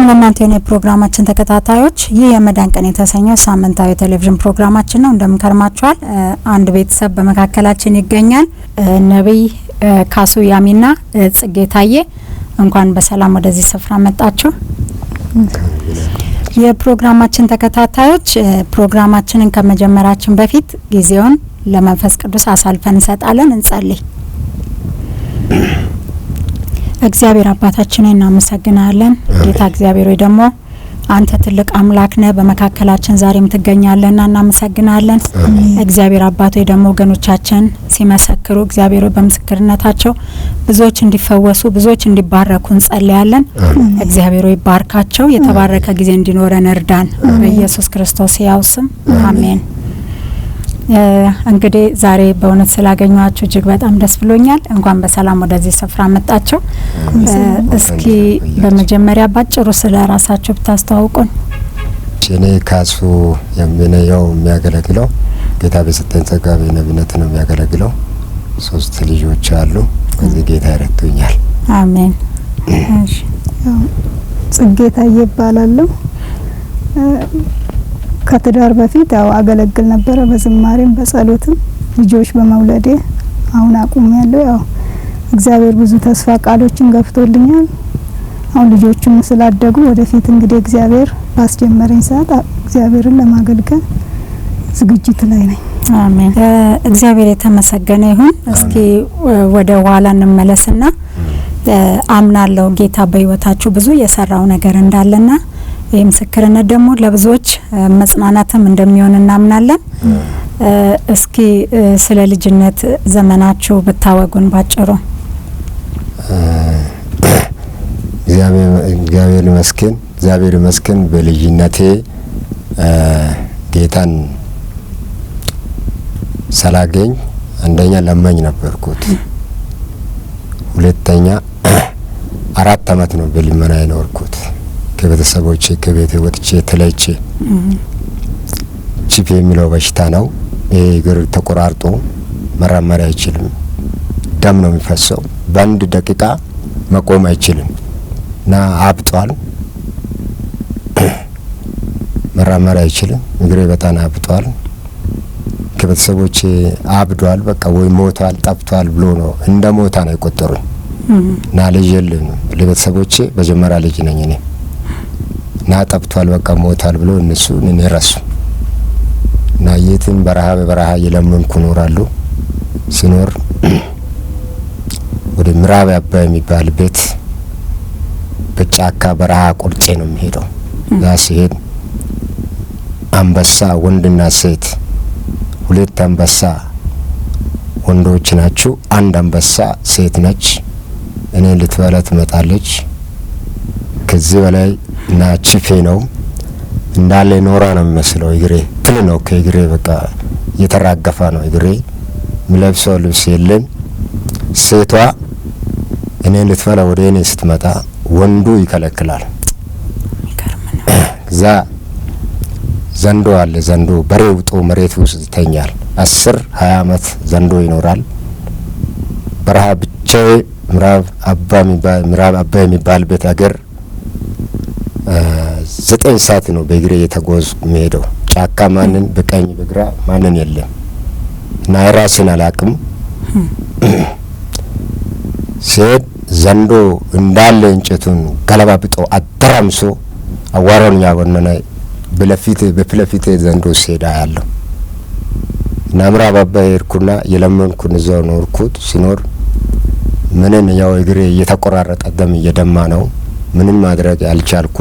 ሰላም ለእናንተ የኔ የፕሮግራማችን ተከታታዮች፣ ይህ የመዳን ቀን የተሰኘው ሳምንታዊ ቴሌቪዥን ፕሮግራማችን ነው። እንደምንከርማችኋል። አንድ ቤተሰብ በመካከላችን ይገኛል። ነቢይ ካሱ ያሚና ጽጌ ታዬ እንኳን በሰላም ወደዚህ ስፍራ መጣችሁ። የፕሮግራማችን ተከታታዮች፣ ፕሮግራማችንን ከመጀመራችን በፊት ጊዜውን ለመንፈስ ቅዱስ አሳልፈን እንሰጣለን። እንጸልይ። እግዚአብሔር አባታችን እናመሰግናለን። ጌታ እግዚአብሔር ወይ ደግሞ አንተ ትልቅ አምላክ ነህ፣ በመካከላችን ዛሬም ትገኛለህና እናመሰግናለን። እግዚአብሔር አባት ወይ ደግሞ ወገኖቻችን ሲመሰክሩ እግዚአብሔር ወይ በምስክርነታቸው ብዙዎች እንዲፈወሱ ብዙዎች እንዲባረኩ እንጸልያለን። እግዚአብሔር ወይ ባርካቸው፣ የተባረከ ጊዜ እንዲኖረን እርዳን። በኢየሱስ ክርስቶስ ያው ስም አሜን። እንግዲህ ዛሬ በእውነት ስላገኟችሁ እጅግ በጣም ደስ ብሎኛል። እንኳን በሰላም ወደዚህ ስፍራ መጣችሁ። እስኪ በመጀመሪያ ባጭሩ ስለ ራሳችሁ ብታስተዋውቁን። እኔ ካሱ የምንየው የሚያገለግለው ጌታ በሰጠኝ ጸጋ በነቢነት ነው የሚያገለግለው። ሶስት ልጆች አሉ። ከዚህ ጌታ ይረቱኛል። አሜን። ጽጌታ እባላለሁ። ከትዳር በፊት ያው አገለግል ነበረ በዝማሬም በጸሎትም ልጆች በመውለዴ አሁን አቁም ያለው ያው እግዚአብሔር ብዙ ተስፋ ቃሎችን ገፍቶልኛል። አሁን ልጆቹም ስላደጉ ወደፊት እንግዲህ እግዚአብሔር ባስጀመረኝ ሰዓት እግዚአብሔርን ለማገልገል ዝግጅት ላይ ነኝ። አሜን። እግዚአብሔር የተመሰገነ ይሁን። እስኪ ወደ ኋላ እንመለስና አምናለሁ ጌታ በህይወታችሁ ብዙ የሰራው ነገር እንዳለና ይህ ምስክርነት ደግሞ ለብዙዎች መጽናናትም እንደሚሆን እናምናለን። እስኪ ስለ ልጅነት ዘመናችሁ ብታወጉን ባጭሩ። እግዚአብሔር ይመስገን፣ እግዚአብሔር ይመስገን። በልጅነቴ ጌታን ሰላገኝ አንደኛ ለማኝ ነበርኩት። ሁለተኛ አራት አመት ነው በልመና የኖርኩት። ከቤተሰቦቼ ከቤት ወጥቼ ተለይቼ ቺፕ የሚለው በሽታ ነው። ይሄ እግር ተቆራርጦ መራመድ አይችልም። ደም ነው የሚፈሰው። በአንድ ደቂቃ መቆም አይችልም እና አብጧል። መራመድ አይችልም። እግሬ በጣም አብጧል። ከቤተሰቦቼ አብዷል፣ በቃ ወይ ሞቷል፣ ጠፍቷል ብሎ ነው እንደ ሞታ ነው የቆጠሩኝ እና ልጅ የለኝም። ለቤተሰቦቼ መጀመሪያ ልጅ ነኝ እኔ። ና ጠብቷል፣ በቃ ሞታል ብሎ እነሱ ረሱ እና የትም በረሃ በበረሃ እየለመንኩ እኖራለሁ። ሲኖር ወደ ምዕራብ አባ የሚባል ቤት በጫካ በረሃ ቁርጬ ነው የሚሄደው። ያ ሲሄድ አንበሳ ወንድና ሴት ሁለት አንበሳ ወንዶች ናችሁ፣ አንድ አንበሳ ሴት ነች። እኔ ልትበላ ትመጣለች። ከዚህ በላይ እና ችፌ ነው እንዳለ ኖራ ነው የሚመስለው። እግሬ ትል ነው ከእግሬ በቃ እየተራገፋ ነው እግሬ። ምለብሰው ልብስ የለም። ሴቷ እኔ ልትፈላ ወደ እኔ ስትመጣ ወንዱ ይከለክላል። እዛ ዘንዶ አለ ዘንዶ በሬ ውጦ መሬት ውስጥ ይተኛል። አስር ሀያ አመት ዘንዶ ይኖራል። በረሃ ብቻዬ ምራብ አባ ምራብ ምዕራብ አባ የሚባልበት አገር ዘጠኝ ሰዓት ነው በእግሬ የተጓዝ የሚሄደው ጫካ ማንን በቀኝ በግራ ማንን የለም እና ራሴን አላቅም። ሲሄድ ዘንዶ እንዳለ እንጨቱን ገለባብጦ አደራምሶ አዋራውን ያቦነነ በለፊት በፊት ዘንዶ ሲሄዳ ያለው እና ምዕራብ አባይ ሄድኩና የለመንኩን እዛው ኖርኩት። ሲኖር ምንን ያው እግሬ እየተቆራረጠ ደም እየደማ ነው። ምንም ማድረግ ያልቻልኩ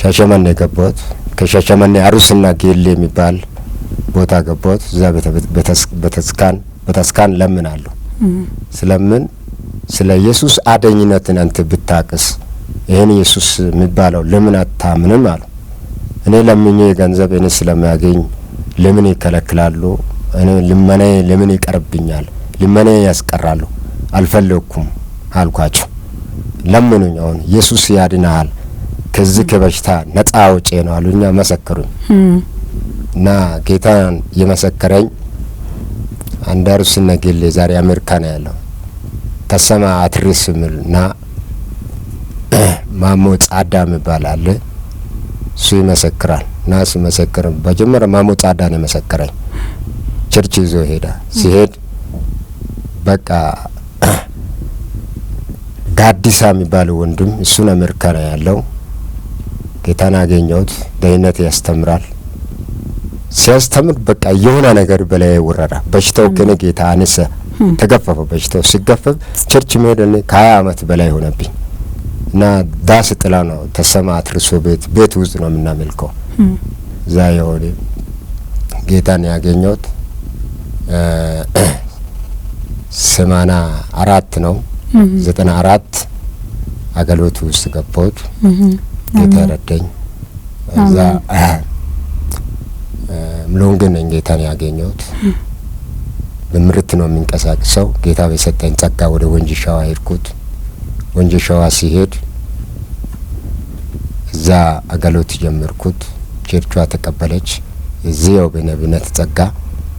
ሻሸመኔ የገባሁት ከሻሸመኔ አሩስና ጌሌ የሚባል ቦታ ገባሁት። እዛ በተስካን በተስካን ለምን አለሁ ስለምን ስለ ኢየሱስ አደኝነትን አንተ ብታቅስ ይህን ኢየሱስ የሚባለው ለምን አታምንም አሉ። እኔ ለምኜ ገንዘብ እኔ ስለሚያገኝ ለምን ይከለክላሉ? እኔ ልመናዬ ለምን ይቀርብኛል? ልመናዬ ያስቀራሉ። አልፈለግኩም አልኳቸው። ለምኑኝ፣ አሁን ኢየሱስ ያድናል ከዚህ ከበሽታ ነጻ አውጪ ነው አሉኛ፣ መሰከሩኝ እና ጌታን የመሰከረኝ አንዳሩ ሲነግል ዛሬ አሜሪካ ነው ያለው ተሰማ አትሪስ የሚል እና ማሞ ጻዳ የሚባል አለ እሱ ይመሰክራል እና ሲመሰክር መጀመሪያ ማሞ ጻዳ ነው የመሰከረኝ። ቸርች ይዞ ሄዳ ሲሄድ በቃ ጋዲሳ የሚባለው ወንድም እሱን አሜሪካ ነው ያለው። ጌታን አገኘሁት። ደህንነት ያስተምራል። ሲያስተምር በቃ የሆነ ነገር በላይ ወረዳ በሽታው ከኔ ጌታ አነሰ። ተገፈፈ። በሽታው ሲገፈፍ ቸርች መሄድ ከሀያ አመት በላይ ሆነብኝ እና ዳስ ጥላ ነው ተሰማ አትርሶ ቤት ቤት ውስጥ ነው የምናመልከው። እዛ የሆነ ጌታን ያገኘሁት ሰማና አራት ነው ዘጠና አራት አገልግሎት ውስጥ ገባሁት። ጌታ ረዳኝ። እዛ ምሎን ግን ጌታን ያገኘሁት በምርት ነው የሚንቀሳቀሰው። ጌታ በሰጠኝ ጸጋ ወደ ወንጂ ሸዋ ሄድኩት። ወንጂ ሸዋ ሲሄድ እዛ አገልግሎት ጀመርኩት። ቸርቿ ተቀበለች። እዚያው በነብነት ጸጋ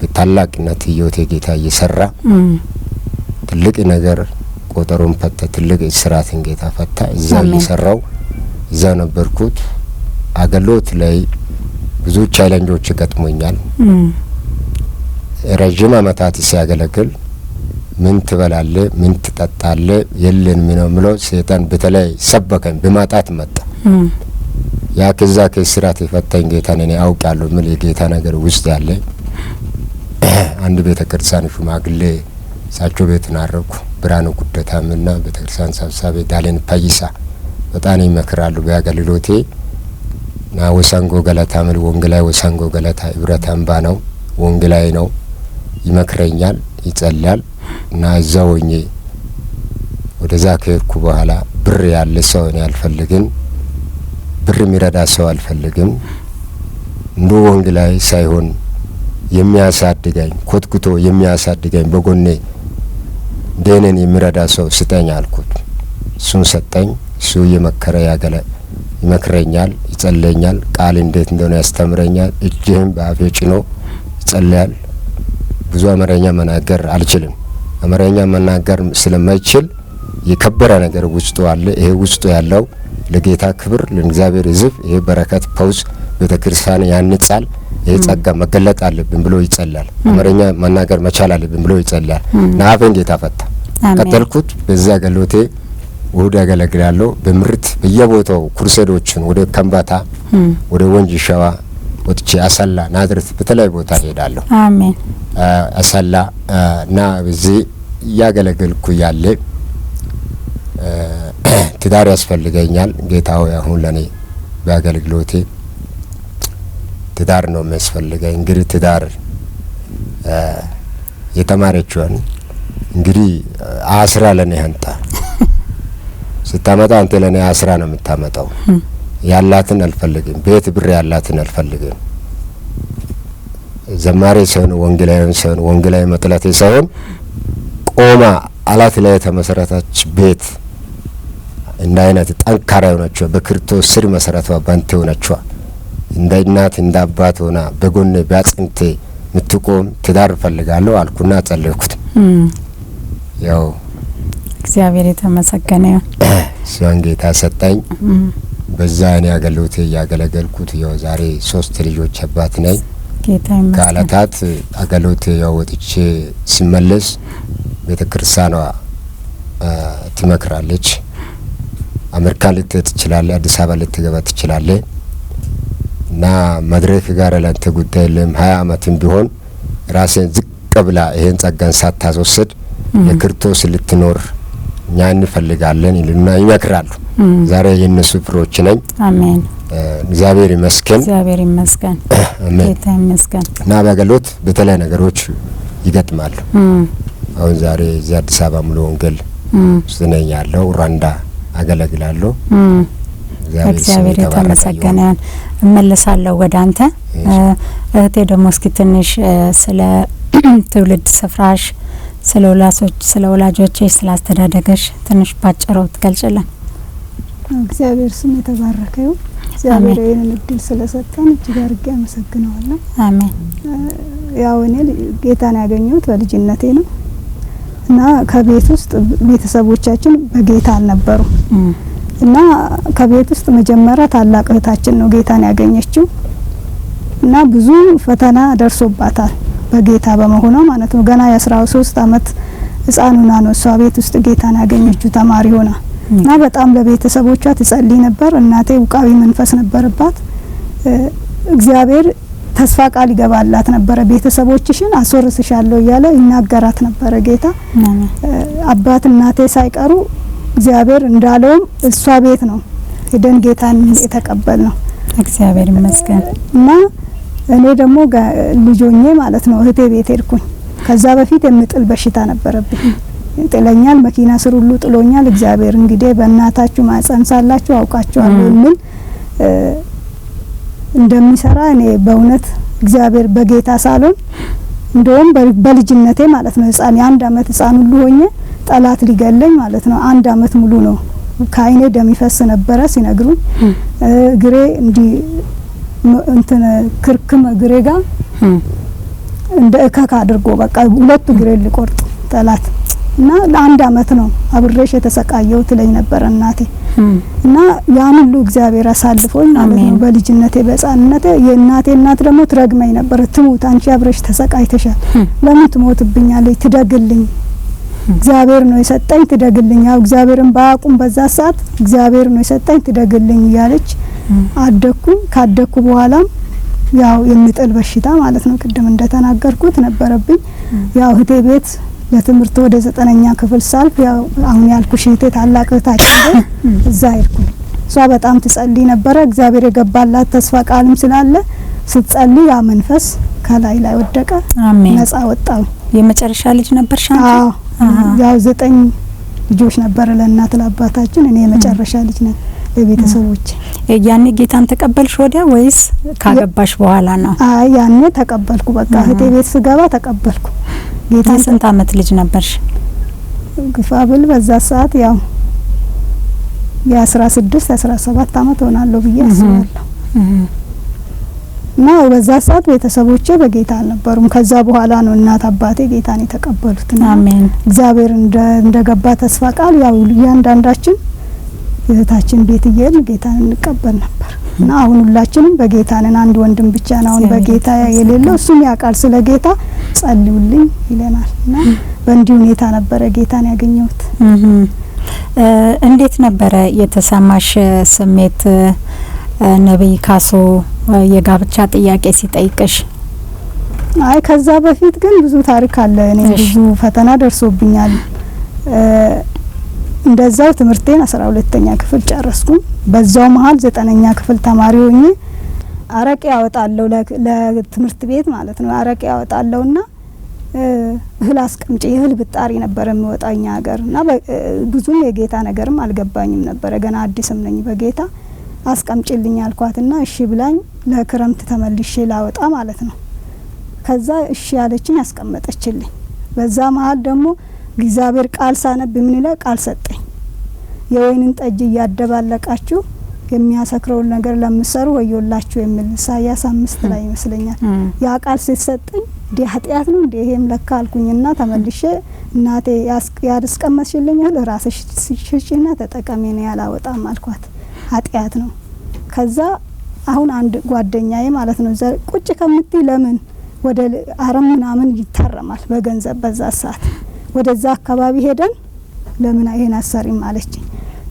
በታላቅነት ህይወቴ ጌታ እየሰራ ትልቅ ነገር ቆጠሮን ፈተ ትልቅ ስራትን ጌታ ፈታ። እዛ እየሰራው እዛ ነበርኩት። አገልግሎት ላይ ብዙ ቻሌንጆች ገጥሞኛል። ረዥም አመታት ሲያገለግል ምን ትበላለ፣ ምን ትጠጣለ የለን ምነው ምለው ሴጣን በተለይ ሰበከኝ፣ በማጣት መጣ። ያ ከዛ ከስራት የፈታኝ ጌታን እኔ አውቃለሁ ምን የጌታ ነገር ውስጥ ያለ አንድ ቤተ ክርስቲያን ሽማግሌ እሳቸው ቤት ናረኩ። ብርሃኑ ጉደታምና ቤተክርስቲያን ሰብሳቢ ዳሌን ፓይሳ በጣም ይመክራሉ። በአገልግሎቴ ና ወሳንጎ ገለታ ምል ወንጌላዊ ወሳንጎ ገለታ ህብረት አምባ ነው ወንጌላዊ ነው ይመክረኛል፣ ይጸላል እና እዛ ሆኜ ወደዛ ከሄድኩ በኋላ ብር ያለ ሰው እኔ አልፈልግም፣ ብር የሚረዳ ሰው አልፈልግም። እንዶ ወንጌላዊ ሳይሆን የሚያሳድገኝ ኮትኩቶ የሚያሳድገኝ በጎኔ ደኔን የሚረዳ ሰው ስጠኝ አልኩት። እሱን ሰጠኝ። እሱ እየመከረ ያገለ ይመክረኛል፣ ይጸለኛል። ቃል እንዴት እንደሆነ ያስተምረኛል። እጅህም በአፌ ጭኖ ይጸለያል። ብዙ አማርኛ መናገር አልችልም። አማርኛ መናገር ስለማይችል የከበረ ነገር ውስጡ አለ። ይሄ ውስጡ ያለው ለጌታ ክብር ለእግዚአብሔር ሕዝብ ይሄ በረከት ፐውዝ ቤተክርስቲያን ያንጻል። ይህ ጸጋ መገለጥ አለብን ብሎ ይጸላል። አማርኛ መናገር መቻል አለብን ብሎ ይጸላል። ናአፌን ጌታ ፈታ ቀጠልኩት። በዚህ አገልግሎቴ እሁድ ያገለግላለሁ። በምርት በየቦታው ኩርሴዶችን ወደ ከምባታ፣ ወደ ወንጂ ሸዋ ወጥቼ አሰላ፣ ናዝሬት በተለያዩ ቦታ ሄዳለሁ። አሜን አሰላ እና በዚህ እያገለገልኩ ያለ ትዳር ያስፈልገኛል። ጌታ ሆይ አሁን ለእኔ በአገልግሎቴ ትዳር ነው የሚያስፈልገኝ። እንግዲህ ትዳር የተማረችዋን እንግዲህ አስራ ለእኔ ሀንጣ ስታመጣ አንተ ለእኔ አስራ ነው የምታመጣው። ያላትን አልፈልግም፣ ቤት ብር ያላትን አልፈልግም። ዘማሪ ሲሆን ወንጌላዊ ሲሆን ወንጌላዊ መጥላቴ ሳይሆን ቆማ አላት ላይ የተመሰረታች ቤት እንደ አይነት ጠንካራ የሆነችዋ በክርስቶስ ስር መሰረቷ ባንቴ ሆነችዋ እንደ እናት እንደ አባት ሆና በጎን ቢያጽንቴ ምትቆም ትዳር እፈልጋለሁ አልኩና ጸለይኩት። ያው እግዚአብሔር የተመሰገነ ይሁን። እሷን ጌታ ሰጠኝ። በዛ እኔ አገልግሎቴ እያገለገልኩት ያው ዛሬ ሶስት ልጆች አባት ነኝ። ከአለታት አገልግሎት ያው ወጥቼ ስመለስ ቤተ ክርስቲያኗ ትመክራለች። አሜሪካን ልትሄድ ትችላለህ፣ አዲስ አበባ ልትገባ ትችላለህ እና መድረክ ጋር ለአንተ ጉዳይ የለም። ሀያ አመትም ቢሆን ራሴን ዝቅ ብላ ይሄን ጸጋን ሳታስወስድ የክርስቶስ ልትኖር እኛ እንፈልጋለን ይልና ይመክራሉ። ዛሬ የእነሱ ፍሮች ነኝ። አሜን። እግዚአብሔር ይመስገን። እግዚአብሔር ይመስገን። አሜን። ጌታ ይመስገን። እና በአገልግሎት በተለያዩ ነገሮች ይገጥማሉ። አሁን ዛሬ እዚህ አዲስ አበባ ሙሉ ወንጌል ውስጥ ነኝ ያለው ሩዋንዳ አገለግላለሁ። እግዚአብሔር የተመሰገነ እመልሳለሁ ወደ አንተ እህቴ። ደግሞ እስኪ ትንሽ ስለ ትውልድ ስፍራሽ፣ ስለ ወላሶች ስለ ወላጆችሽ፣ ስለ አስተዳደገሽ ትንሽ ባጭሮ ትገልጭልን። እግዚአብሔር ስም የተባረከ ይሁን። እግዚአብሔር ይህንን እድል ስለሰጠን እጅግ አድርጌ አመሰግነዋለሁ። አሜን። ያው እኔ ጌታን ያገኘሁት በልጅነቴ ነው እና ከቤት ውስጥ ቤተሰቦቻችን በጌታ አልነበሩ እና ከቤት ውስጥ መጀመሪያ ታላቅ እህታችን ነው ጌታን ያገኘችው እና ብዙ ፈተና ደርሶባታል በጌታ በመሆኗ ማለት ነው። ገና የአስራ ሶስት አመት ህጻን ሆና ነው እሷ ቤት ውስጥ ጌታን ያገኘችው ተማሪ ሆና እና በጣም ለቤተሰቦቿ ትጸልይ ነበር። እናቴ ውቃዊ መንፈስ ነበረባት። እግዚአብሔር ተስፋ ቃል ይገባላት ነበረ። ቤተሰቦችሽን አስወርስሻለሁ እያለ ይናገራት ነበረ ጌታ አባት እናቴ ሳይቀሩ እግዚአብሔር እንዳለውም እሷ ቤት ነው ሄደን ጌታን የተቀበል ነው። እግዚአብሔር ይመስገን እና እኔ ደግሞ ልጆኜ ማለት ነው እህቴ ቤት ሄድኩኝ። ከዛ በፊት የምጥል በሽታ ነበረብኝ። ጥለኛል፣ መኪና ስር ሁሉ ጥሎኛል። እግዚአብሔር እንግዲህ በእናታችሁ ማህጸን ሳላችሁ አውቃችኋለሁ የሚል እንደሚሰራ እኔ በእውነት እግዚአብሔር በጌታ ሳሎን እንደውም በልጅነቴ ማለት ነው ህጻን የአንድ አመት ህጻን ሁሉ ሆኜ ጠላት ሊገለኝ ማለት ነው። አንድ አመት ሙሉ ነው ከአይኔ ደሚፈስ ነበረ ሲነግሩኝ፣ እግሬ እንዲ እንትን ክርክም ግሬ ጋር እንደ እከክ አድርጎ በቃ ሁለቱ ግሬ ሊቆርጥ ጠላት እና ለአንድ አመት ነው አብሬሽ የተሰቃየው ትለኝ ነበረ እናቴ። እና ያን ሁሉ እግዚአብሔር አሳልፎኝ ማለት ነው በልጅነቴ በህጻንነቴ። የእናቴ እናት ደግሞ ትረግመኝ ነበረ፣ ትሙት አንቺ አብረሽ ተሰቃይተሻል፣ ለምን ትሞትብኛለች? ትደግልኝ እግዚአብሔር ነው የሰጠኝ ትደግልኝ። ያው እግዚአብሔርን ባያውቁም በዛ ሰዓት እግዚአብሔር ነው የሰጠኝ ትደግልኝ እያለች አደግኩኝ። ካደግኩ በኋላም ያው የሚጥል በሽታ ማለት ነው ቅድም እንደተናገርኩት ነበረብኝ። ያው እህቴ ቤት ለትምህርት ወደ ዘጠነኛ ክፍል ሳልፍ ያው አሁን ያልኩሽ እህቴ ታላቅ እህታችን ቤት እዛ ሄድኩኝ። እሷ በጣም ትጸልይ ነበረ። እግዚአብሔር የገባላት ተስፋ ቃልም ስላለ ስትጸልይ ያ መንፈስ ከላይ ላይ ወደቀ። ነጻ ወጣው። የመጨረሻ ልጅ ነበርሽ አንቺ? ያው ዘጠኝ ልጆች ነበር ለእናት ለአባታችን፣ እኔ የመጨረሻ ልጅ ነኝ። ለቤተሰቦች ያኔ ጌታን ተቀበልሽ ወዲያ ወይስ ካገባሽ በኋላ ነው? አይ ያኔ ተቀበልኩ። በቃ እህቴ ቤት ስገባ ተቀበልኩ ጌታን። ስንት አመት ልጅ ነበርሽ? ግፋ ብል በዛ ሰዓት ያው የአስራ ስድስት አስራ ሰባት አመት ሆናለሁ ብዬ አስባለሁ። እና በዛ ሰዓት ቤተሰቦቼ በጌታ አልነበሩም። ከዛ በኋላ ነው እናት አባቴ ጌታን የተቀበሉት። አሜን። እግዚአብሔር እንደገባ ተስፋ ቃል ያው እያንዳንዳችን እህታችን ቤት እየሄድን ጌታን እንቀበል ነበር እና አሁን ሁላችንም በጌታንን አንድ ወንድም ብቻ ነው አሁን በጌታ የሌለው እሱም ያውቃል ስለ ጌታ ጸልዩልኝ ይለናል። እና በእንዲህ ሁኔታ ነበረ ጌታን ያገኘሁት። እንዴት ነበረ የተሰማሽ ስሜት? ነብይ ካሶ የጋብቻ ጥያቄ ሲጠይቅሽ? አይ ከዛ በፊት ግን ብዙ ታሪክ አለ። እኔ ብዙ ፈተና ደርሶብኛል። እንደዛው ትምህርቴን አስራ ሁለተኛ ክፍል ጨረስኩ። በዛው መሀል ዘጠነኛ ክፍል ተማሪ ሆኜ አረቄ ያወጣለሁ ለትምህርት ቤት ማለት ነው። አረቄ ያወጣለሁና እህል አስቀምጬ እህል ብጣሪ ነበር የምወጣኛ ሀገር እና ብዙም የጌታ ነገርም አልገባኝም ነበረ። ገና አዲስም ነኝ በጌታ አስቀምጭልኝ አልኳትና እሺ ብላኝ ለክረምት ተመልሼ ላወጣ ማለት ነው። ከዛ እሺ ያለችኝ አስቀመጠችልኝ። በዛ መሀል ደግሞ እግዚአብሔር ቃል ሳነብ ምን ይላል ቃል ሰጠኝ። የወይንን ጠጅ እያደባለቃችሁ የሚያሰክረውን ነገር ለምሰሩ ወዮላችሁ የሚል ኢሳያስ አምስት ላይ ይመስለኛል። ያ ቃል ሲሰጠኝ እንዲ ኃጢአት ነው እንዲ ይሄም ለካ አልኩኝና ተመልሼ እናቴ ያስቀመጥሽልኛል ራስሽ ሽጭና ተጠቀሜ ነው ያላወጣም አልኳት። ኃጢአት ነው። ከዛ አሁን አንድ ጓደኛዬ ማለት ነው ቁጭ ከምት ለምን ወደ አረም ምናምን ይታረማል በገንዘብ በዛ ሰዓት ወደዛ አካባቢ ሄደን ለምን ይሄን አሰሪም አለችኝ።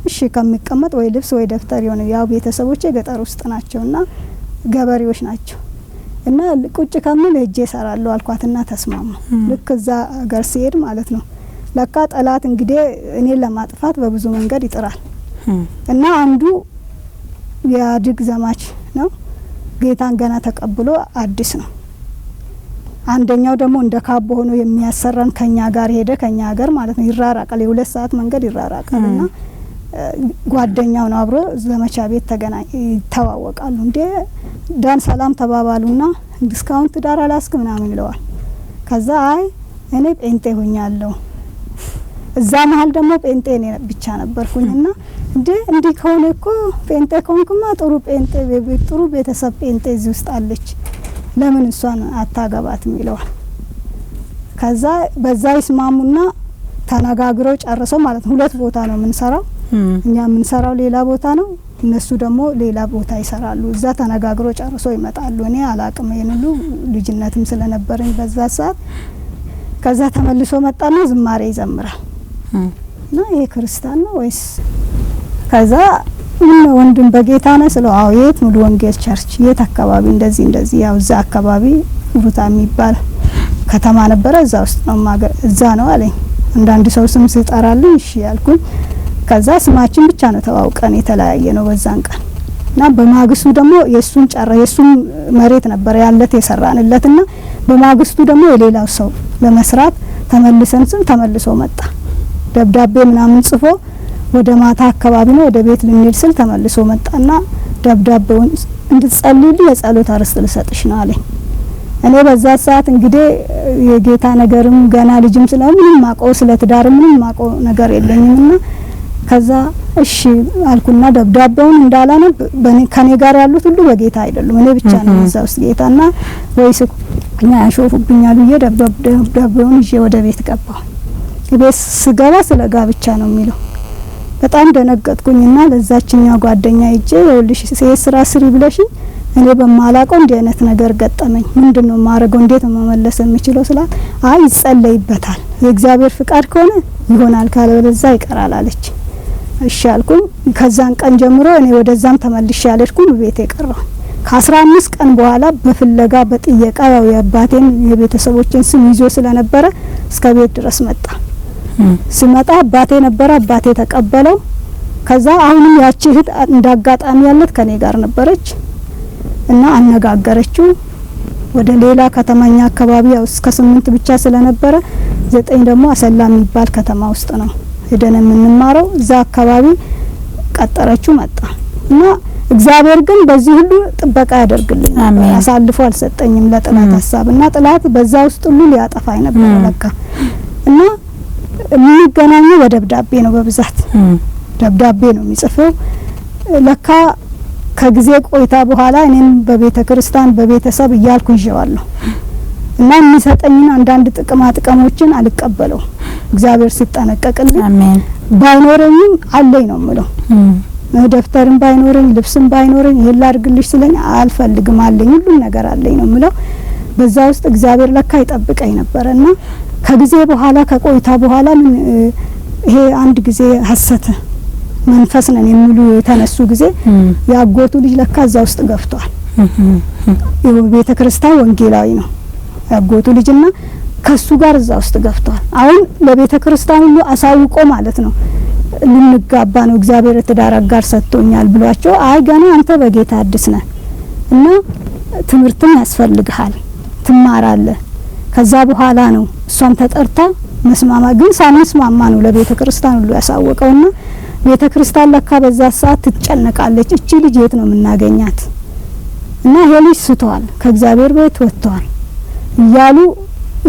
እሺ ከሚቀመጥ ወይ ልብስ ወይ ደብተር የሆነ ያው ቤተሰቦቼ ገጠር ውስጥ ናቸውና ገበሬዎች ናቸው እና ቁጭ ከምል እጄ እሰራለሁ አልኳትና ተስማማ። ልክ እዛ ሀገር ሲሄድ ማለት ነው ለካ ጠላት እንግዲህ እኔን ለማጥፋት በብዙ መንገድ ይጥራል። እና አንዱ የአድግ ዘማች ነው። ጌታን ገና ተቀብሎ አዲስ ነው። አንደኛው ደግሞ እንደ ካቦ ሆኖ የሚያሰራን ከኛ ጋር ሄደ ከኛ ሀገር ማለት ነው። ይራራቃል፣ የሁለት ሰዓት መንገድ ይራራቃል እና ጓደኛው ነው። አብሮ ዘመቻ ቤት ተገና ይተዋወቃሉ። እንዴ ዳን ሰላም ተባባሉና ዲስካውንት ዳር አላስክ ምናምን ይለዋል። ከዛ አይ እኔ ጴንጤ ሆኛለሁ እዛ መሀል ደግሞ ጴንጤ ብቻ ነበርኩኝ እና እንዴ እንዲህ ከሆነ እኮ ጴንጤ ከሆንኩማ ጥሩ ጴንጤ ጥሩ ቤተሰብ ጴንጤ እዚህ ውስጥ አለች፣ ለምን እሷን አታገባትም ይለዋል። ከዛ በዛ ይስማሙና ተነጋግረው ጨርሰው ማለት ነው። ሁለት ቦታ ነው የምንሰራው እኛ የምንሰራው ሌላ ቦታ ነው፣ እነሱ ደግሞ ሌላ ቦታ ይሰራሉ። እዛ ተነጋግረው ጨርሰው ይመጣሉ። እኔ አላቅም ይህን ልጅነትም ስለነበረኝ በዛ ሰዓት። ከዛ ተመልሶ መጣና ዝማሬ ይዘምራል። እና ይሄ ክርስቲያን ነው ወይስ? ከዛ ምን ወንድም በጌታ ነው ስለው፣ አዎ የት ሙሉ ወንጌል ቸርች የት አካባቢ እንደዚህ እንደዚህ፣ ያው እዛ አካባቢ ሩታ የሚባል ከተማ ነበረ እዛ ውስጥ ነው ማገር እዛ ነው አለኝ። አንዳንድ ሰው ስም ሲጠራልኝ እሺ ያልኩኝ። ከዛ ስማችን ብቻ ነው ተዋውቀን የተለያየ ነው በዛን ቀን እና በማግስቱ ደግሞ የሱን ጨራ የሱን መሬት ነበረ ያለት የሰራንለትና በማግስቱ ደግሞ የሌላው ሰው ለመስራት ተመልሰን ስም ተመልሶ መጣ። ደብዳቤ ምናምን ጽፎ ወደ ማታ አካባቢ ነው ወደ ቤት ልንሄድ ስል ተመልሶ መጣና ደብዳቤውን እንድትጸልይልኝ የጸሎት አርዕስት ልሰጥሽ ነው አለኝ። እኔ በዛ ሰዓት እንግዲህ የጌታ ነገርም ገና ልጅም ስለ ምንም ማውቀው ስለ ትዳር ምንም ማውቀው ነገር ና ከዛ እሺ አልኩና ደብዳቤውን እንዳላነብ ከኔ ጋር ያሉት ሁሉ በጌታ አይደሉም፣ እኔ ብቻ ነው እዛ ውስጥ ጌታና ወይስ ያሾፉብኛል ብዬ ደብዳቤውን ይዤ ወደ ቤት ገባሁ። ቤት ስገባ ስለ ጋብቻ ነው የሚለው። በጣም ደነገጥኩኝና ለዛችኛው ጓደኛ ሂጄ ይኸውልሽ ሴት ስራ ስሪ ብለሽኝ እኔ በማላቀው እንዲህ አይነት ነገር ገጠመኝ። ምንድን ነው ማድረገው? እንዴት ነው መመለስ የሚችለው ስላት፣ አይ ይጸለይበታል፣ የእግዚአብሔር ፍቃድ ከሆነ ይሆናል፣ ካለበለዚያ ይቀራል አለች። እሺ አልኩኝ። ከዛን ቀን ጀምሮ እኔ ወደዛም ተመልሼ ያለድኩም ቤት የቀረው ከአስራ አምስት ቀን በኋላ በፍለጋ በጥየቃ ያው የአባቴን የቤተሰቦችን ስም ይዞ ስለነበረ እስከ ቤት ድረስ መጣ። ስመጣ አባቴ ነበረ። አባቴ ተቀበለው። ከዛ አሁንም ያቺ እህት እንዳጋጣሚ ያለት ከኔ ጋር ነበረች እና አነጋገረችው ወደ ሌላ ከተማኛ አካባቢ ያው እስከ ስምንት ብቻ ስለነበረ ዘጠኝ ደግሞ አሰላ የሚባል ከተማ ውስጥ ነው ሄደን የምንማረው እዛ አካባቢ ቀጠረችው መጣ እና እግዚአብሔር ግን በዚህ ሁሉ ጥበቃ ያደርግልኝ ነበር። አሳልፎ አልሰጠኝም ለጥላት ሀሳብ እና ጥላት በዛ ውስጥ ሁሉ ሊያጠፋኝ ነበር ለካ እና የምንገናኘው በደብዳቤ ነው። በብዛት ደብዳቤ ነው የሚጽፈው። ለካ ከጊዜ ቆይታ በኋላ እኔም በቤተ ክርስቲያን በቤተሰብ እያልኩ ይዤዋለሁ እና የሚሰጠኝን አንዳንድ ጥቅማ ጥቅሞችን አልቀበለው እግዚአብሔር ሲጠነቀቅልኝ ባይኖረኝም አለኝ ነው ምለው ደብተርም ባይኖረኝ ልብስም ባይኖረኝ ይሄን ላድርግልሽ ስለኝ አልፈልግም አለኝ ሁሉም ነገር አለኝ ነው ምለው በዛ ውስጥ እግዚአብሔር ለካ ይጠብቀኝ ነበረና ከጊዜ በኋላ ከቆይታ በኋላ ምን ይሄ አንድ ጊዜ ሀሰት መንፈስ ነን የሚሉ የተነሱ ጊዜ የአጎቱ ልጅ ለካ እዛ ውስጥ ገብቷል። ቤተ ክርስቲያን ወንጌላዊ ነው ያጎቱ ልጅና ከሱ ጋር እዛ ውስጥ ገብቷል። አሁን ለቤተ ክርስቲያን ሁሉ አሳውቆ ማለት ነው ልንጋባ ነው እግዚአብሔር ትዳር አጋር ሰጥቶኛል ብሏቸው፣ አይ ገና አንተ በጌታ አዲስ ነህ እና ትምህርትም ያስፈልግሃል ትማራለህ ከዛ በኋላ ነው እሷም ተጠርታ መስማማ ግን ሳንስማማ ነው ለቤተ ክርስቲያን ሁሉ ያሳወቀውና ቤተ ክርስቲያን ለካ በዛ ሰዓት ትጨነቃለች። እቺ ልጅ የት ነው የምናገኛት? እና ይሄ ልጅ ስቷል፣ ከእግዚአብሔር ቤት ወጥቷል እያሉ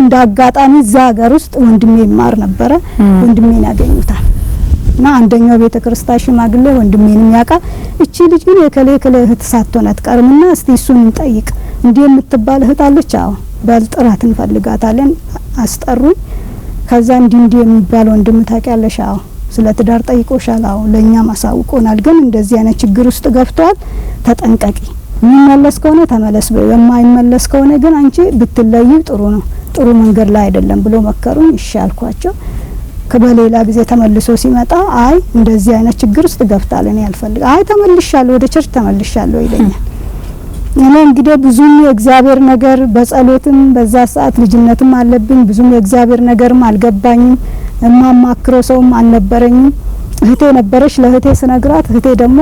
እንደ አጋጣሚ እዛ ሀገር ውስጥ ወንድሜ ይማር ነበረ። ወንድሜን ያገኙታል። እና አንደኛው ቤተ ክርስቲያን ሽማግሌ ወንድሜንም ያውቃል። እቺ ልጅ ግን የከሌ ከሌ እህት ሳትሆን አትቀርምና እስቲ እሱን እንጠይቅ እንዲህ የምትባል እህት አለች። አዎ በልጥራት እንፈልጋታለን። አስጠሩኝ። ከዛ እንዲህ እንዲህ የሚባል ወንድም ታውቂያለሽ? አዎ ስለ ትዳር ጠይቆሻል? አዎ ለእኛም ማሳውቆናል። ግን እንደዚህ አይነት ችግር ውስጥ ገብቷል። ተጠንቀቂ የሚመለስ ከሆነ ተመለስ፣ የማይመለስ ከሆነ ግን አንቺ ብትለይ ጥሩ ነው፣ ጥሩ መንገድ ላይ አይደለም ብሎ መከሩኝ። እሺ አልኳቸው። በሌላ ጊዜ ተመልሶ ሲመጣ አይ እንደዚህ አይነት ችግር ውስጥ ገብታል፣ እኔ አልፈልግ አይ ተመልሻለሁ፣ ወደ ቸርች ተመልሻለሁ ይለኛል። እኔ እንግዲህ ብዙም የእግዚአብሔር ነገር በጸሎትም በዛ ሰዓት ልጅነትም አለብኝ ብዙም የእግዚአብሔር ነገርም አልገባኝም። እማማክረው ሰውም አልነበረኝም። እህቴ ነበረች። ለእህቴ ስነግራት እህቴ ደግሞ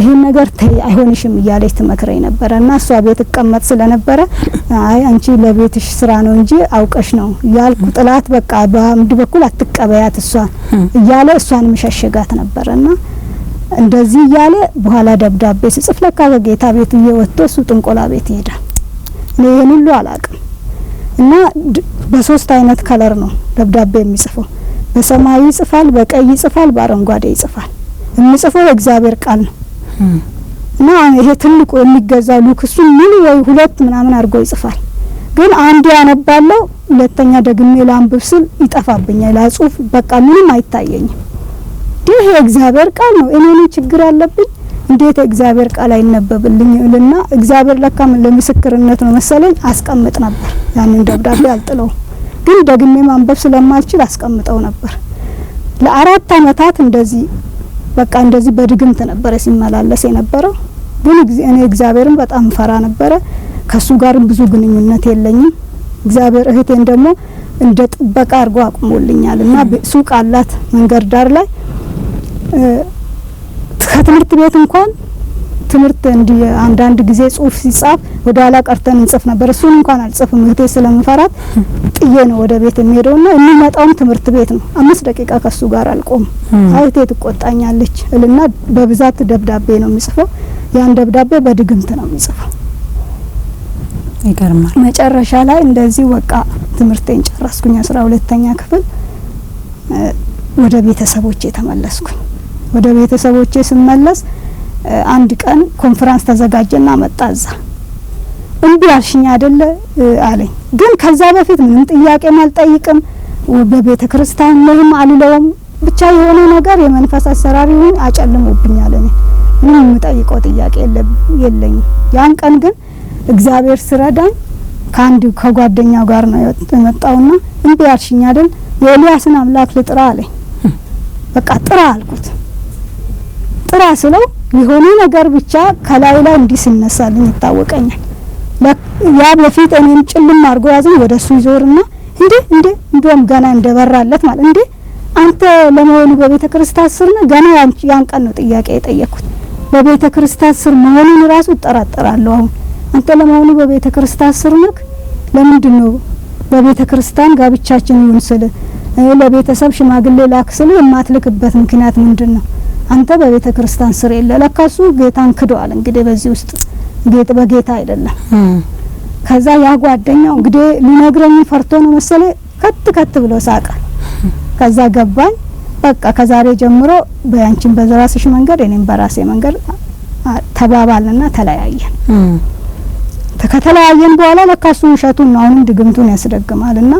ይሄን ነገር አይሆንሽም እያለች ትመክረኝ ነበረ እና እሷ ቤት እቀመጥ ስለነበረ አይ አንቺ ለቤትሽ ስራ ነው እንጂ አውቀሽ ነው እያልኩ ጥላት በቃ በአንድ በኩል አትቀበያት እሷን እያለ እሷን ሸሸጋት ነበረ እና እንደዚህ እያለ በኋላ ደብዳቤ ስጽፍ ለካ ከጌታ ቤት እየወጥቶ እሱ ጥንቆላ ቤት ይሄዳል። እኔ ይህን ሁሉ አላቅም እና በሶስት አይነት ከለር ነው ደብዳቤ የሚጽፈው በሰማያዊ ይጽፋል፣ በቀይ ይጽፋል፣ በአረንጓዴ ይጽፋል። የሚጽፈው የእግዚአብሔር ቃል ነው። እና ይሄ ትልቁ የሚገዛው ሉክሱ ምን ወይ ሁለት ምናምን አድርጎ ይጽፋል። ግን አንዱ ያነባለው ሁለተኛ ደግሜ ላንብብ ስል ይጠፋብኛል። ያ በቃ ምንም አይታየኝም። ይህ የእግዚአብሔር ቃል ነው። እኔ ችግር አለብኝ እንዴት የእግዚአብሔር ቃል አይነበብልኝ እልና እግዚአብሔር ለካም ለምስክርነት ነው መሰለኝ አስቀምጥ ነበር። ያንን ደብዳቤ አልጥለውም፣ ግን ደግሜ ማንበብ ስለማልችል አስቀምጠው ነበር ለአራት አመታት እንደዚህ በቃ እንደዚህ በድግምት ነበረ ሲመላለስ የነበረው። ግን እኔ እግዚአብሔርን በጣም ፈራ ነበረ። ከሱ ጋርም ብዙ ግንኙነት የለኝም። እግዚአብሔር እህቴን ደግሞ እንደ ጥበቃ አድርጎ አቁሞልኛል እና ሱቅ አላት መንገድ ዳር ላይ ከትምህርት ቤት እንኳን ትምህርት እንዲህ አንዳንድ ጊዜ ጽሁፍ ሲጻፍ ወደ ኋላ ቀርተን እንጽፍ ነበር። እሱን እንኳን አልጽፍም እህቴ ስለምፈራት ጥዬ ነው ወደ ቤት የሚሄደው የሚሄደውና የሚመጣውም ትምህርት ቤት ነው። አምስት ደቂቃ ከሱ ጋር አልቆም እህቴ ትቆጣኛለች እልና በብዛት ደብዳቤ ነው የሚጽፈው። ያን ደብዳቤ በድግምት ነው የሚጽፈው። ይገርማል። መጨረሻ ላይ እንደዚህ ወቃ ትምህርቴን ጨረስኩኝ አስራ ሁለተኛ ክፍል ወደ ቤተሰቦቼ ተመለስኩኝ። ወደ ቤተሰቦቼ ስመለስ አንድ ቀን ኮንፈረንስ ተዘጋጀና መጣ። እዛ እምቢ አልሽኝ አይደለ አለኝ። ግን ከዛ በፊት ምንም ጥያቄም አልጠይቅም፣ በቤተ ክርስቲያን ላይም አልለውም። ብቻ የሆነ ነገር የመንፈስ አሰራር ይሁን አጨልሞብኛል። እኔ ምንም የምጠይቀው ጥያቄ የለኝ። ያን ቀን ግን እግዚአብሔር ስረዳኝ ከአንድ ከጓደኛው ጋር ነው የመጣውና እምቢ አልሽኝ አይደል የኤልያስን አምላክ ልጥራ አለኝ። በቃ ጥራ አልኩት። ጥራ ስለው የሆነ ነገር ብቻ ከላይ ላይ እንዲህ ሲነሳልኝ ይታወቀኛል። ያ በፊት እኔም ጭልም አድርጎ ያዘኝ። ወደ እሱ ይዞርና እንዴ እንዴ እንዲሁም ገና እንደበራለት ማለት እንዴ አንተ ለመሆኑ በቤተ ክርስቲያን ስር ነው? ገና ያን ቀን ነው ጥያቄ የጠየቅኩት። በቤተ ክርስቲያን ስር መሆኑን ራሱ እጠራጠራለሁ። አሁን አንተ ለመሆኑ በቤተ ክርስቲያን ስር ነህ? ለምንድን ነው በቤተ ክርስቲያን ጋብቻችን ይሁን ስል ለቤተሰብ ሽማግሌ ላክ ስል የማትልክበት ምክንያት ምንድን ነው? አንተ በቤተ ክርስቲያን ስር የለ ለካሱ ጌታን ክዷል። እንግዲህ በዚህ ውስጥ ጌጥ በጌታ አይደለም። ከዛ ያ ጓደኛው እንግዲህ ሊነግረኝ ፈርቶ ነው መሰለ ከት ከት ብሎ ሳቀ። ከዛ ገባኝ። በቃ ከዛሬ ጀምሮ በያንቺን በራስሽ መንገድ እኔም በራሴ መንገድ ተባባልና ተለያየን። ከተለያየን በኋላ ለካሱ ውሸቱን ነው አሁንም ድግምቱን ያስደግማልና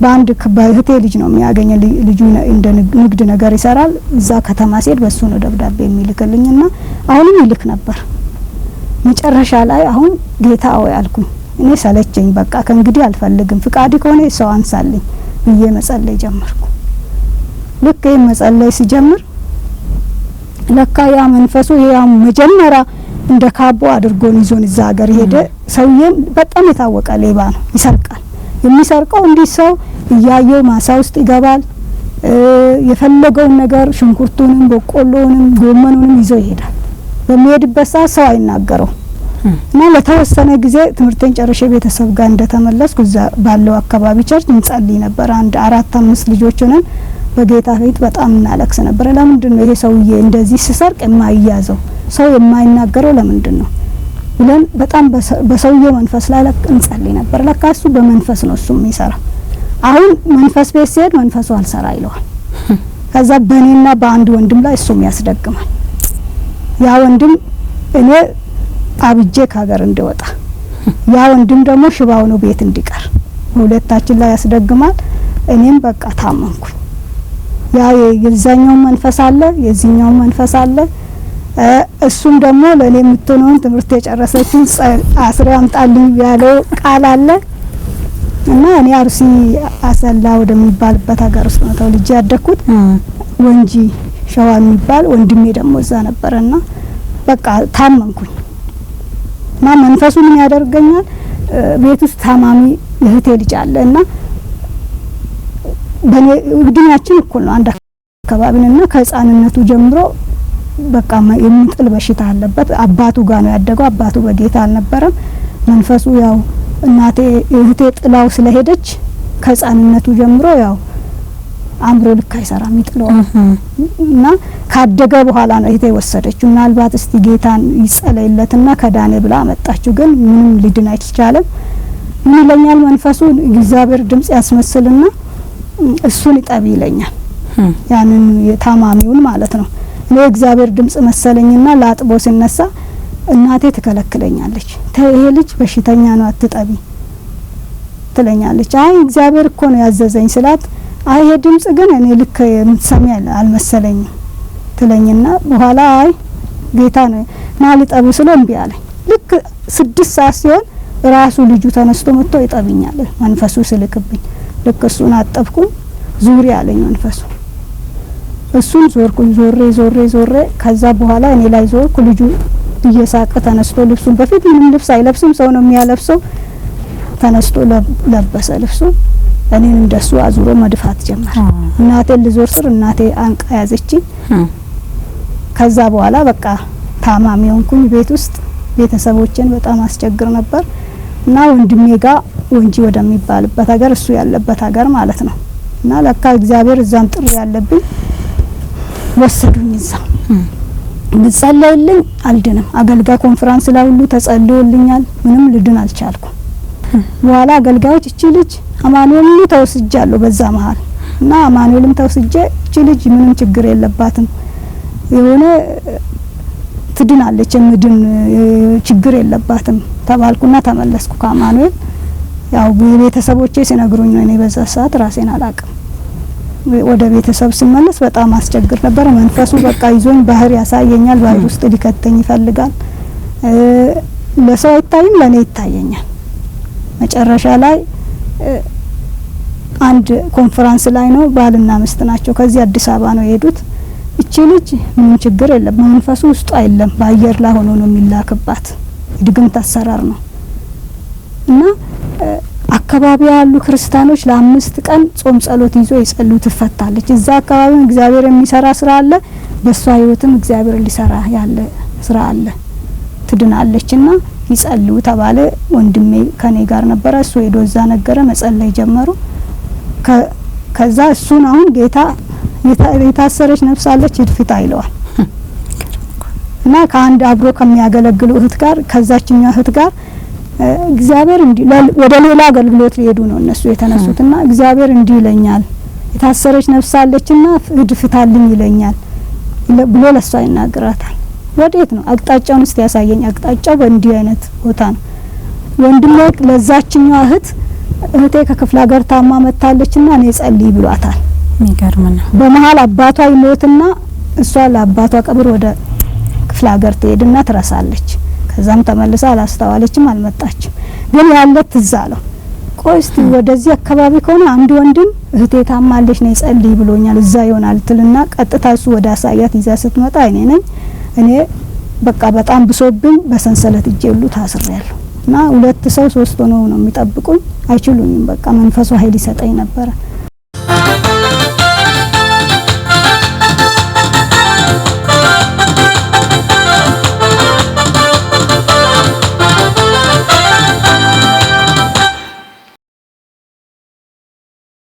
በአንድ በእህቴ ልጅ ነው የሚያገኘ ልጁ እንደ ንግድ ነገር ይሰራል። እዛ ከተማ ሲሄድ በሱ ነው ደብዳቤ የሚልክልኝ ና አሁንም ይልክ ነበር። መጨረሻ ላይ አሁን ጌታ ሆይ አልኩኝ እኔ ሰለቸኝ፣ በቃ ከእንግዲህ አልፈልግም፣ ፍቃድ ከሆነ ሰው አንሳልኝ ብዬ መጸለይ ጀመርኩ። ልክ ይህ መጸለይ ሲጀምር ለካ ያ መንፈሱ ያ መጀመሪያ እንደ ካቦ አድርጎን ይዞን እዛ ሀገር ሄደ። ሰውዬም በጣም የታወቀ ሌባ ነው፣ ይሰርቃል የሚሰርቀው እንዲህ ሰው እያየው ማሳ ውስጥ ይገባል። የፈለገውን ነገር ሽንኩርቱንም፣ በቆሎውንም፣ ጎመኑንም ይዞ ይሄዳል። በሚሄድበት ሰዓት ሰው አይናገረው እና ለተወሰነ ጊዜ ትምህርቴን ጨርሼ ቤተሰብ ጋር እንደተመለስኩ እዛ ባለው አካባቢ ቸርች እንጸልይ ነበር። አንድ አራት አምስት ልጆች ሆነን በጌታ ፊት በጣም እናለቅስ ነበረ። ለምንድን ነው ይሄ ሰውዬ እንደዚህ ሲሰርቅ የማይያዘው ሰው የማይናገረው ለምንድን ነው? ብለን በጣም በሰውየው መንፈስ ላይ እንጸልይ ነበር። ለካ እሱ በመንፈስ ነው እሱ የሚሰራ። አሁን መንፈስ ቤት ሲሄድ መንፈሱ አልሰራ ይለዋል። ከዛ በእኔና በአንድ ወንድም ላይ እሱም ያስደግማል። ያ ወንድም እኔ አብጄ ከሀገር እንዲወጣ፣ ያ ወንድም ደግሞ ሽባው ነው ቤት እንዲቀር፣ በሁለታችን ላይ ያስደግማል። እኔም በቃ ታመንኩኝ። ያ የዛኛውን መንፈስ አለ፣ የዚህኛውን መንፈስ አለ። እሱም ደግሞ ለእኔ የምትሆነውን ትምህርት የጨረሰችን አስሬ አምጣልኝ ያለው ቃል አለ እና እኔ አርሲ አሰላ ወደሚባልበት ሀገር ውስጥ ነው ተወልጄ ያደግኩት። ወንጂ ሸዋ የሚባል ወንድሜ ደግሞ እዛ ና በቃ ታመንኩኝ እና መንፈሱ ምን ያደርገኛል ቤት ውስጥ ታማሚ እህቴ ልጅ አለ እና በእድሜያችን እኩል ነው አንድ አካባቢንና ከህፃንነቱ ጀምሮ በቃ የሚጥል በሽታ አለበት። አባቱ ጋር ነው ያደገው። አባቱ በጌታ አልነበረም። መንፈሱ ያው እናቴ እህቴ ጥላው ስለሄደች ከህጻንነቱ ጀምሮ ያው አእምሮ ልክ አይሰራም ይጥለዋል። እና ካደገ በኋላ ነው እህቴ ወሰደችው። ምናልባት እስቲ ጌታን ይጸለይለትና ከዳኔ ብላ መጣችው ግን ምንም ሊድን አይቻልም። ምን ይለኛል መንፈሱ እግዚአብሔር ድምጽ ያስመስልና እሱን ይጠብ ይለኛል። ያንን የታማሚውን ማለት ነው የእግዚአብሔር ድምጽ መሰለኝና ላጥቦ ሲነሳ እናቴ ትከለክለኛለች። ይሄ ልጅ በሽተኛ ነው አትጠቢ ትለኛለች። አይ እግዚአብሔር እኮ ነው ያዘዘኝ ስላት፣ አይ ይሄ ድምጽ ግን እኔ ልክ የምትሰሚ አልመሰለኝም ትለኝና በኋላ አይ ጌታ ነው ና ሊጠቡ ስለ እምቢ አለኝ። ልክ ስድስት ሰዓት ሲሆን ራሱ ልጁ ተነስቶ መጥቶ ይጠብኛል። መንፈሱ ስልክብኝ ልክ እሱን አጠብኩኝ። ዙሪ አለኝ መንፈሱ እሱን ዞርኩኝ ዞሬ ዞሬ ዞሬ ከዛ በኋላ እኔ ላይ ዞርኩ። ልጁ እየሳቀ ተነስቶ ልብሱን በፊት ምንም ልብስ አይለብስም፣ ሰው ነው የሚያለብሰው። ተነስቶ ለበሰ ልብሱን። እኔን እንደሱ አዙሮ መድፋት ጀመር። እናቴ ልዞር ስር እናቴ አንቃ ያዘችኝ። ከዛ በኋላ በቃ ታማሚ ሆንኩኝ። ቤት ውስጥ ቤተሰቦችን በጣም አስቸግር ነበር እና ወንድሜ ጋር ወንጂ ወደሚባልበት ሀገር እሱ ያለበት ሀገር ማለት ነው እና ለካ እግዚአብሔር እዛም ጥሪ ያለብኝ ወሰዱኝ እዛ ብጸለይልኝ አልድንም። አገልጋይ ኮንፈረንስ ላይ ሁሉ ተጸልዮልኛል፣ ምንም ልድን አልቻልኩም። በኋላ አገልጋዮች እቺ ልጅ አማኑኤል ተወስጃለሁ በዛ መሀል እና አማኑኤልም ተወስጄ እቺ ልጅ ምንም ችግር የለባትም የሆነ ትድናለች የምድን ችግር የለባትም ተባልኩና ተመለስኩ ከአማኑኤል። ያው ቤተሰቦቼ ሲነግሩኝ እኔ በዛ ሰዓት ራሴን አላቅም። ወደ ቤተሰብ ስመለስ በጣም አስቸግር ነበረ። መንፈሱ በቃ ይዞኝ ባህር ያሳየኛል፣ ባህር ውስጥ ሊከተኝ ይፈልጋል። ለሰው አይታይም፣ ለእኔ ይታየኛል። መጨረሻ ላይ አንድ ኮንፈረንስ ላይ ነው፣ ባልና ምስት ናቸው። ከዚህ አዲስ አበባ ነው የሄዱት። እቺ ልጅ ምንም ችግር የለም፣ መንፈሱ ውስጧ የለም፣ በአየር ላይ ሆኖ ነው የሚላክባት። ድግምት አሰራር ነው እና አካባቢ ያሉ ክርስቲያኖች ለአምስት ቀን ጾም ጸሎት ይዞ የጸሉ ትፈታለች። እዛ አካባቢ እግዚአብሔር የሚሰራ ስራ አለ። በእሷ ህይወትም እግዚአብሔር ሊሰራ ያለ ስራ አለ። ትድናለች ና ተባለ። ወንድሜ ከኔ ጋር ነበረ። እሱ ሄዶ እዛ ነገረ፣ መጸለይ ጀመሩ። ከዛ እሱን አሁን ጌታ የታሰረች ነፍስ አለች ይድፍታ ይለዋል እና ከአንድ አብሮ ከሚያገለግሉ እህት ጋር ከዛችኛው እህት ጋር እግዚአብሔር እንዲ ወደ ሌላ አገልግሎት ሊሄዱ ነው እነሱ የተነሱትና እግዚአብሔር እንዲህ ይለኛል የታሰረች ነፍስ አለችና ፍድ ፍታልኝ ይለኛል ብሎ ለሷ ይናገራታል። ወዴት ነው አቅጣጫውን እስቲ ያሳየኝ። አቅጣጫው በእንዲህ አይነት ቦታ ነው። ወንድሞ ለዛችኛዋ እህት እህቴ ከክፍለ ሀገር ታማ መታለችና እኔ ጸልይ ብሏታል። የሚገርም ነው። በመሀል አባቷ ይሞትና እሷ ለአባቷ ቀብር ወደ ክፍለ ሀገር ትሄድና ትረሳለች። ከዛም ተመልሳ አላስተዋለችም፣ አልመጣችም። ግን ያለ ትዛ አለው። ቆይ እስቲ ወደዚህ አካባቢ ከሆነ አንድ ወንድም እህቴ ታማለች ነው ጸልይ ብሎኛል እዛ ይሆናል ትልና ቀጥታ እሱ ወደ አሳያት ይዛ ስትመጣ እኔ ነኝ እኔ በቃ በጣም ብሶብኝ በሰንሰለት እጄ ሁሉ ታስሬያለሁ እና ሁለት ሰው ሶስት ሆነው ነው የሚጠብቁኝ። አይችሉኝም። በቃ መንፈሱ ኃይል ይሰጠኝ ነበረ።